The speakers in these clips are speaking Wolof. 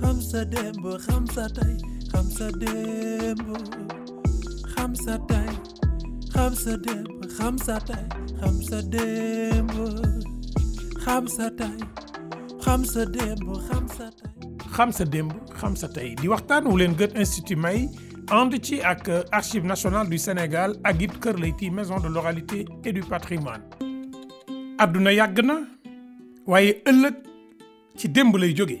xam sa démb xam sa tey di waxtaan wu leen Goethe Institut may ànd ci ak Archives nationales du Sénégal ak it Kër Leyti maison de l'oralité et du patrimoine àdduna yàgg na waaye ëllëg ci démb lay jóge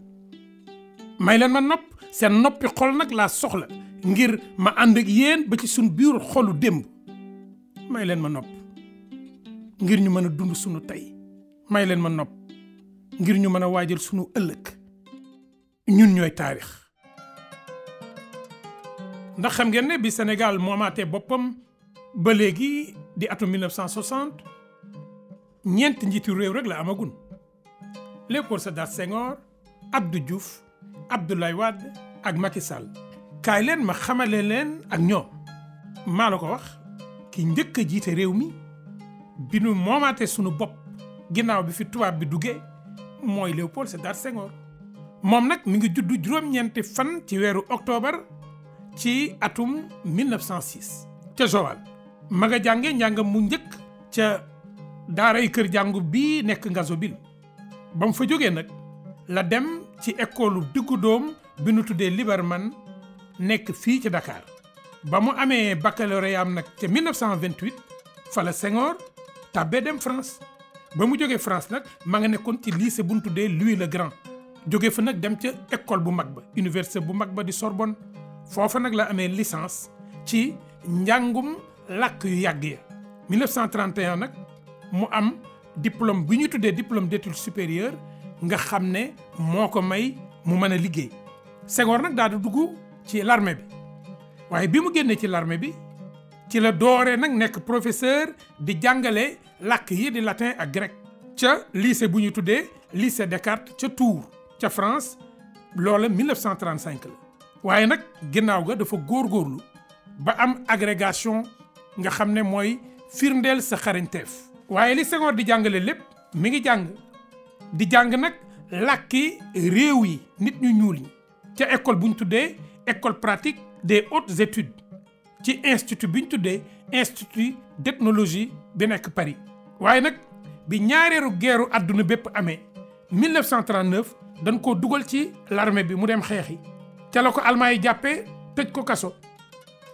may leen ma nopp seen noppi xol nag laa soxla ngir ma ànd ak yéen ba ci suñ biir xolu démb may leen ma nopp ngir ñu mën a dund suñu tey may leen ma nopp ngir ñu mën a waajal suñu ëllëg ñun ñooy taarix ndax xam ngeen ne bi senegal moomaatee boppam ba léegi di atum 1960 ñeent njiitu réew rek la amagun Léopold Sédar Senghor Abdou Diouf Abdoulaye Wade ak Macky Sall. leen ma xamale leen ak ñoom maa la ko wax ki njëkk jiite réew mi bi nu moomaatee sunu bopp ginnaaw bi fi tubaab bi duggee mooy Léopold Sédar Senghor. moom nag mu ngi juddu juróom-ñeenti fan ci weeru octobre ci atum 1906 ca Joal ma nga jànge njàngam mu njëkk ca daaray kër jàngu bi nekk Ngazobil ba mu fa jógee nag la dem ci école diggu doom bi nu tuddee Liberman nekk fii ca Dakar ba mu amee baccalauréat am nag ca 1928 fala Senghor tàbbee dem France ba mu jógee France nag ma nga nekkoon ci lycée bu nu tuddee Louis la Grand jóge fa nag dem ca école bu mag ba université bu mag ba di Sorbonne foofa nag la amee licence ci njàngum làkk yu yàgg ya nag mu am diplôme bi ñu tuddee diplôme d'études supérieures nga xam ne moo ko may mu mën a liggéey Senghor nag daal di dugg ci larme bi waaye bi mu génnee ci larme bi ci la dooree nag nekk professeur di jàngale làkk yi di latin ak grec ca lycée bu ñu tuddee lycée Descartes ca Tours ca France loola 1935 la waaye nag ginnaaw ga dafa góor góorlu ba am agrégation nga xam ne mooy firndeel sa xarañteef waaye li Senghor di jàngale lépp mi ngi jàng di jàng nag làkki réew yi nit ñu ñuul ñi ca école bu ñu tuddee école pratique des hautes études ci institut bi ñu tuddee institut d'ethnologie bi nekk Paris. waaye nag bi ñaareelu geeru àdduna bépp amee 1939 dañ ko dugal ci l'armée bi mu dem xeexi ca la ko almaa yi jàppee tëj ko kaso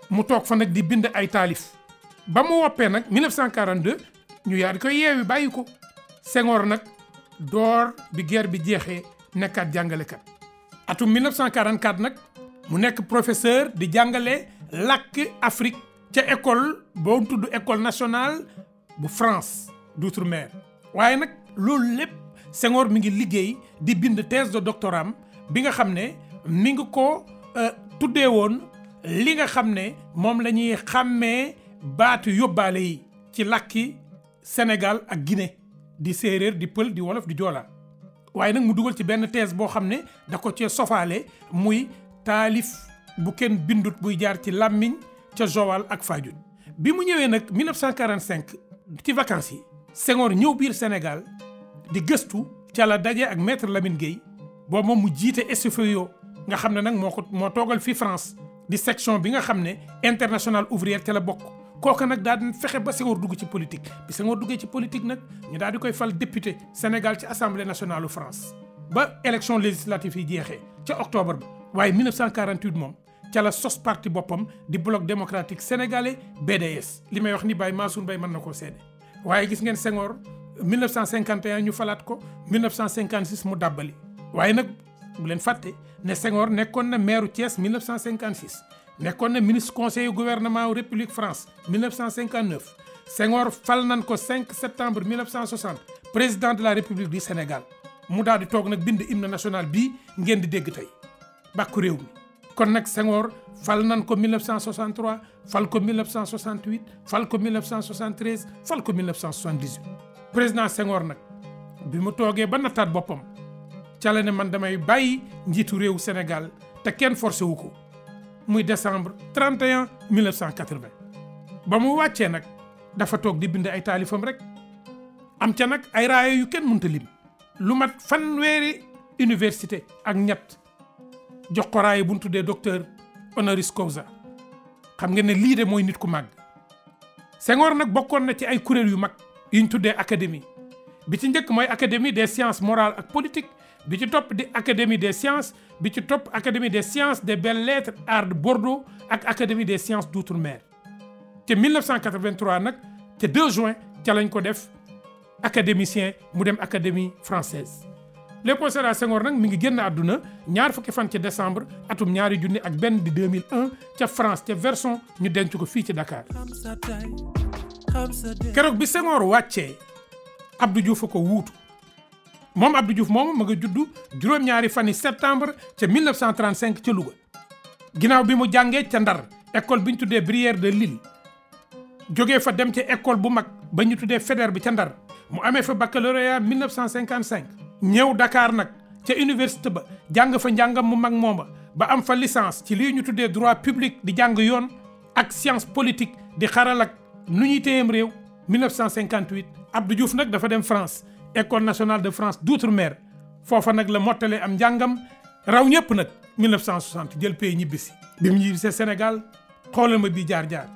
mu toog fa nag di bind ay taalif ba mu woppee nag 1942 ñu yaa di koy yeewi bàyyi ko Senghor nag. door bi guerre bi jeexee nekkaat jàngalekat atum 1944 nag mu nekk professeur di jàngale làkk Afrique ca école boo tudd école nationale bu France d'outre-mer waaye nag loolu lépp Senghor mi ngi liggéey di bind thèse de doctorat bi nga xam ne mi ngi ko euh, tuddee woon li nga xam ne moom la ñuy xàmmee baatu yóbbaale yi ci làkki Sénégal ak Guinée di séeréer di pël di wolof di joola waaye nag mu dugal ci benn thèse boo xam ne da ko cee sofaale muy taalif bu kenn bindut buy jaar ci làmmiñ ca Joal ak Fadiouth. bi mu ñëwee nag 1945 ci vacances yi Senghor ñëw biir Sénégal di gëstu ca la daje ak maître Lamine Gueye boobu moom mu jiite SFIO nga xam ne nag moo ko moo toogal fii France di section bi nga xam ne internationale ouvrière ca la bokk. kooka nag daa di fexe ba Senghor dugg ci politique bi Senghor duggee ci politique nag ñu daal di koy fal député Sénégal ci assemblée nationale u France ba élection législative yi jeexee ca octobre ba waaye 1948 moom ca la sos parti boppam di bloc démocratique sénégalais BDS li may wax ni Baye Mansour Mbaye man na koo seede waaye gis ngeen Senghor 1951 ñu falaat ko 1956 mu dàbbali waaye nag bu leen fàtte ne Senghor nekkoon na maire Thiès 1956 nekkoon na ministre conseiller gouvernement république France 1959 Senghor fal nan ko 5 septembre 1960 président de la république du Sénégal mu daal di toog nag bind hymne national bii ngeen di dégg tey bàkku réew mi. kon nag Senghor fal nan ko 1963 fal ko 1968 fal ko 1973 fal ko 1978 président Senghor nag bi mu toogee ba nattaat boppam. ca la man damay bàyyi njiitu réew senegal te kenn forcé wu ko muy décembre 31 1980 ba mu wàccee nag dafa toog di bind ay taalifam rek am ca nag ay raaya yu kenn mënta lim lu mat fanweeri université ak ñett jox ko raaya bu ñu tuddee docteur honoris xam nga ne lii de mooy nit ku màgg Senghor nag bokkoon na ci ay kuréel yu mag yuñ tuddee académie bi ci njëkk mooy académie des sciences morales ak politique bi ci topp di académie des sciences bi ci topp académie des sciences des belles lettres arts de Bordeaux ak académie des sciences d'outre-mer te 1983 nag te 2 juin ca lañ ko def académicien mu dem académie française Léopold Sédar Senghor nag mi ngi génn àdduna ñaar fukki fan ci décembre atum ñaari junni ak benn di 2001 ca France ca Verson ñu denc ko fii ci Dakar keroog bi Senghor wàccee Abdou Diouf ko wuutu moom Abdou Diouf moom ma nga juddu juróom-ñaari fani septembre ca 1935 ca Louga ginnaaw bi mu jàngee ca Ndar école bi ñu tuddee Brière de Lille jógee fa dem ca école bu mag ba ñu tuddee Faidherbe bi ca Ndar mu amee fa baccalauréat 1955. ñëw Dakar nag ca université ba jàng fa njàngam mu mag mooma ba am fa licence ci lii ñu tuddee droit public di jàng yoon ak science politique di xaral ak nu ñuy téyeem réew 1958 Abdou Diouf nag dafa dem France. école nationale de France d'outre-mer foofa nag la mottalee am njàngam raw ñëpp nag 1960 jël pays ñibbisi bi mu ñibbisee Sénégal xoolal ma bii jaar-jaar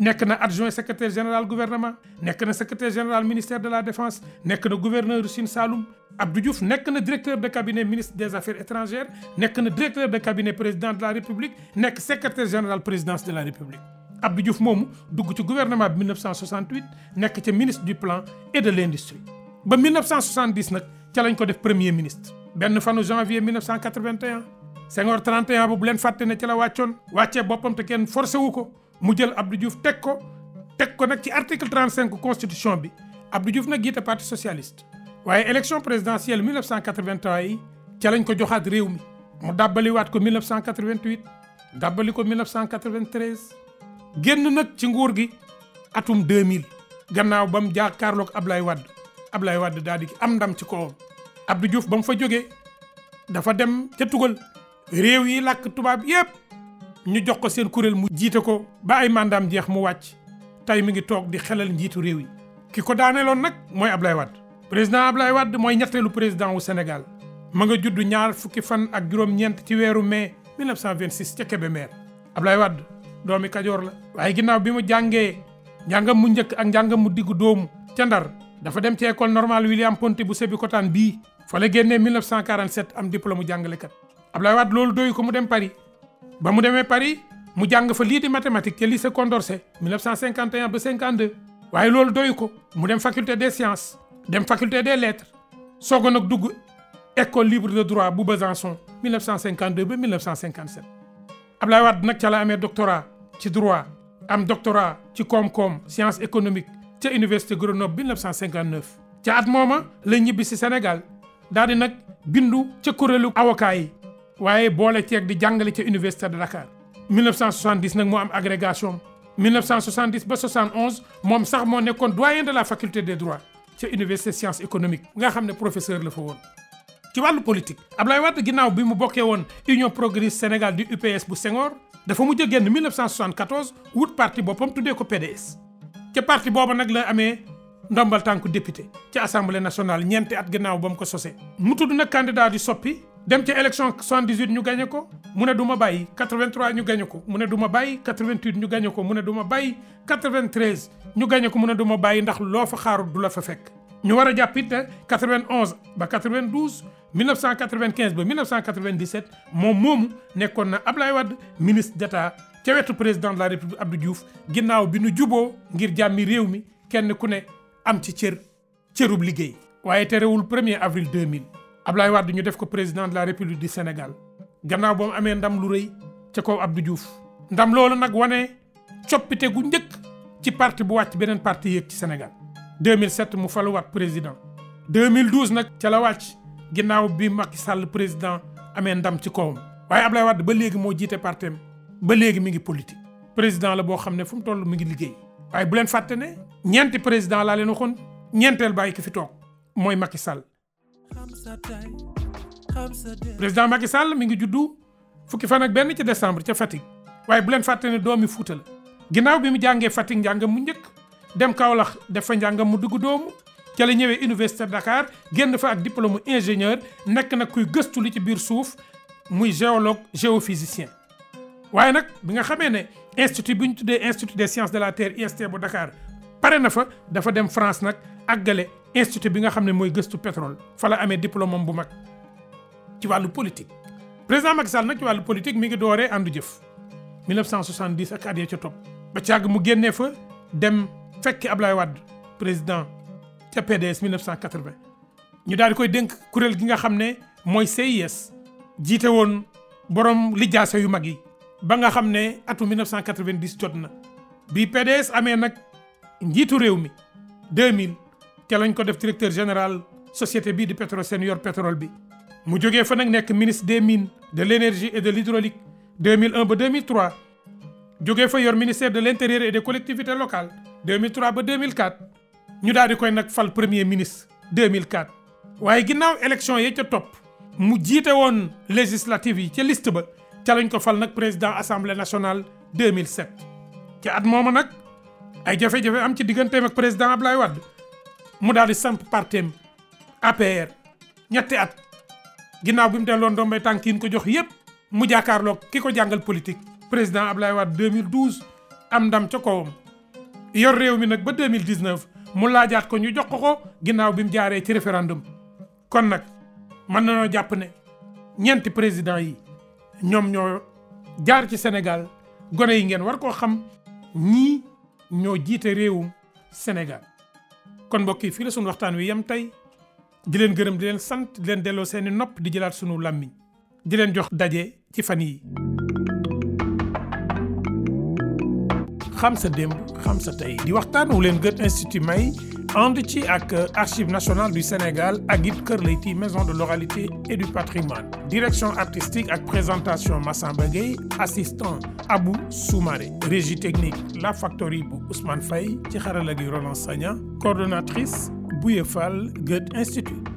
nekk na adjoint secrétaire général gouvernement nekk na secrétaire général ministère de la défense nekk na gouverneur Sine Saloum Abdou Diouf nekk na directeur de cabinet ministre des affaires étrangères nekk na directeur de cabinet président de la république nekk secrétaire général présidence de la république Abdou Diouf dugg ci gouvernement bi 1968 nekk ca ministre du ba 1970 nag ca lañ ko def premier ministre benn fanu janvier 1981 Senghor 31 bu leen fàtte ne ca la wàccoon wàccee boppam te kenn forcé wu ko mu jël Abdou Diouf teg ko teg ko nag ci article 35 constitution bi Abdou Diouf nag jiite parti socialiste waaye élection présidentielle 1981 yi ca lañ ko joxaat réew mi mu dàbbaliwaat ko 1988 dàbbali ko 1993 génn nag ci nguur gi atum 2000 gannaaw ba mu jàkkaarloog Ablaye Wade Ablaye Wade daal di am ndam ci kawam Abdou Diouf ba mu fa jógee dafa dem ca tugal réew yi làkk tubaab yépp ñu jox ko seen kuréel mu jiite ko ba ay mandaam jeex mu wàcc tey mi ngi toog di xelal njiitu réew yi. ki ko daaneeloon nag mooy ab Ablaye Wade président Ablaye wadd mooy ñetteelu président wu Sénégal ma nga judd ñaar fukki fan ak juróom-ñeent ci weeru mai 1926 ca Kébémer Ablaye Wade doomi Kajoor la waaye ginnaaw bi mu jàngee njàngam mu njëkk ak njàngam mu diggu doomu ca Ndar. dafa dem ci école normale William Ponty bu Sébikotane bii fa la génnee 1947 am diplôme mu jàngalekat Abdoulaye Wade loolu doyu ko mu dem Paris ba mu demee Paris mu jàng fa lii di mathématique ca lycée Condorcet 1951 ba 52 waaye loolu doyu ko mu dem faculté des sciences dem faculté des lettres soog a nag dugg école libre de droit bu Besançon 1952 ba 1957 Abdoulaye Wade nag ca la amee doctorat ci droit am doctorat ci koom-koom science économique ca université Grenoble 1959. ca at mooma la ñibbi si Sénégal daal di nag bindu ca kuréelu avocat yi waaye boole ceeg di jàngale ca université de Dakar. 1970 nag moo am agrégation 1970 ba 71 moom sax moo nekkoon doyen de la faculté des droits ca université sciences économiques nga xam ne professeur la fa woon. ci wàllu politique Ablaye Wade ginnaaw bi mu bokkee woon Union Progressiste Sénégal du UPS bu Senghor dafa mujj a génn 1974 wut parti boppam tuddee ko PDS. ca parti booba nag la amee ndombal tànku député ci assemblée nationale ñeenti at gannaaw ba mu ko sosee. mu tudd nag candidat di soppi dem ca élection 78 ñu gañe ko mu ne duma bàyyi 83 ñu gagné ko mu ne du ma bàyyi 88 ñu gagné ko mu ne du ma bàyyi ñu gagné ko mu ne du ma bàyyi ndax loo fa xaarut du la fa fekk. ñu war a jàpp it ba 92 1995 ba 1997 moom moomu nekkoon na Ablaye Wade ministre d' état. ca wetu président de la république Abdou Diouf ginnaaw bi nu juboo ngir jàmmi réew mi kenn ku ne am ci cër cërub liggéey. waaye terewul 1er avril 2000 Ablaye Wade ñu def ko président de la république du Sénégal gannaaw ba amee ndam lu rëy ca kaw Abdou Diouf ndam loolu nag wane coppite gu njëkk ci parti bu wàcc beneen parti yëg ci Sénégal 2007 mu faluwaat président 2012 nag ca la wàcc ginnaaw bi Macky sàll président amee ndam ci kawam waaye Ablaye Wade ba léegi moo jiite partem ba léegi mi ngi politique président la boo xam ne fu mu toll mu ngi liggéey waaye bu leen fàtte ne ñeenti président laa leen waxoon ñeenteel bàyyi ki fi toog mooy Macky Sall président Macky Sall mi ngi juddu fukki fan ak benn ci décembre ci Fatick waaye bu leen fàtte ne doomi fuutal la ginnaaw bi mu jàngee Fatick njàngam mu njëkk dem Kaolack def fa njàngam mu dugg doomu ca la ñëwee université Dakar génn fa ak diplôme ingénieur nekk nag kuy gëstu li ci biir suuf muy géologue géophysicien waaye nag bi nga xamee ne institut bi ñu tuddee institut des sciences de la terre bu Dakar pare na fa dafa dem France nag àggale institut bi nga xam ne mooy gëstu pétrole fa la amee diplôme am bu mag ci wàllu politique. président Macky Sall nag ci wàllu politique mi ngi dooree àndu jëf 1970 ak at ya ca topp ba càgg mu génnee fa dem fekki Ablaye wadd président ca PDS 1980 ñu daal di koy dénk kuréel gi nga xam ne mooy CIS jiite woon borom lijaasa yu mag yi. ba nga xam ne atu 1990 jot na bi PDS amee nag njiitu réew mi 2000 te lañ ko def directeur général société bi di Petrosen yor pétrole bi mu jógee fa nag nekk ministre des mines de l'énergie et de l'hydraulique 2001 ba 2003 jógee fa yor ministère de l'intérieur et des collectivités locales 2003 ba 2004 ñu daal di koy nag fal premier ministre 2004 waaye ginnaaw élection yi ca topp mu jiite woon législative yi ca liste ba ca lañ ko fal nag président assemblée nationale 2007. ca at mooma nag ay jafe-jafe am ci digganteem ak président lay Wade mu daal di samp partem APR ñetti at ginnaaw bi mu delloon doom bay tànk yi ko jox yépp mu jàkkaarloog ki ko jàngal politique président Ablaye Wade 2012 am ndam ca kawam yor réew mi nag ba 2019 mu laajaat ko ñu jox ko ko ginnaaw bi mu jaaree ci référendum kon nag mën nañoo jàpp ne ñeenti président yi. ñoom ñoo jaar ci Sénégal gone yi ngeen war koo xam ñii ñoo jiite réewum Sénégal kon mbokk yi fii la sunu waxtaan wi yam tey di leen gërëm di leen sant di leen delloo seeni nopp di jëlaat sunu làmmiñ di leen jox daje ci fan yi xam sa sa tey di waxtaan wu leen Goethe Institut may ànd ci ak archive nationale du Sénégal ak it Kër Leyti maison de l'oralité et du patrimoine direction artistique ak présentation Massamba Gueye assistant Abou Soumaré régie technique la Factory bu Ousmane Faye ci xarala gi Roland Sagna coordonnatrice Bouye Fall Institut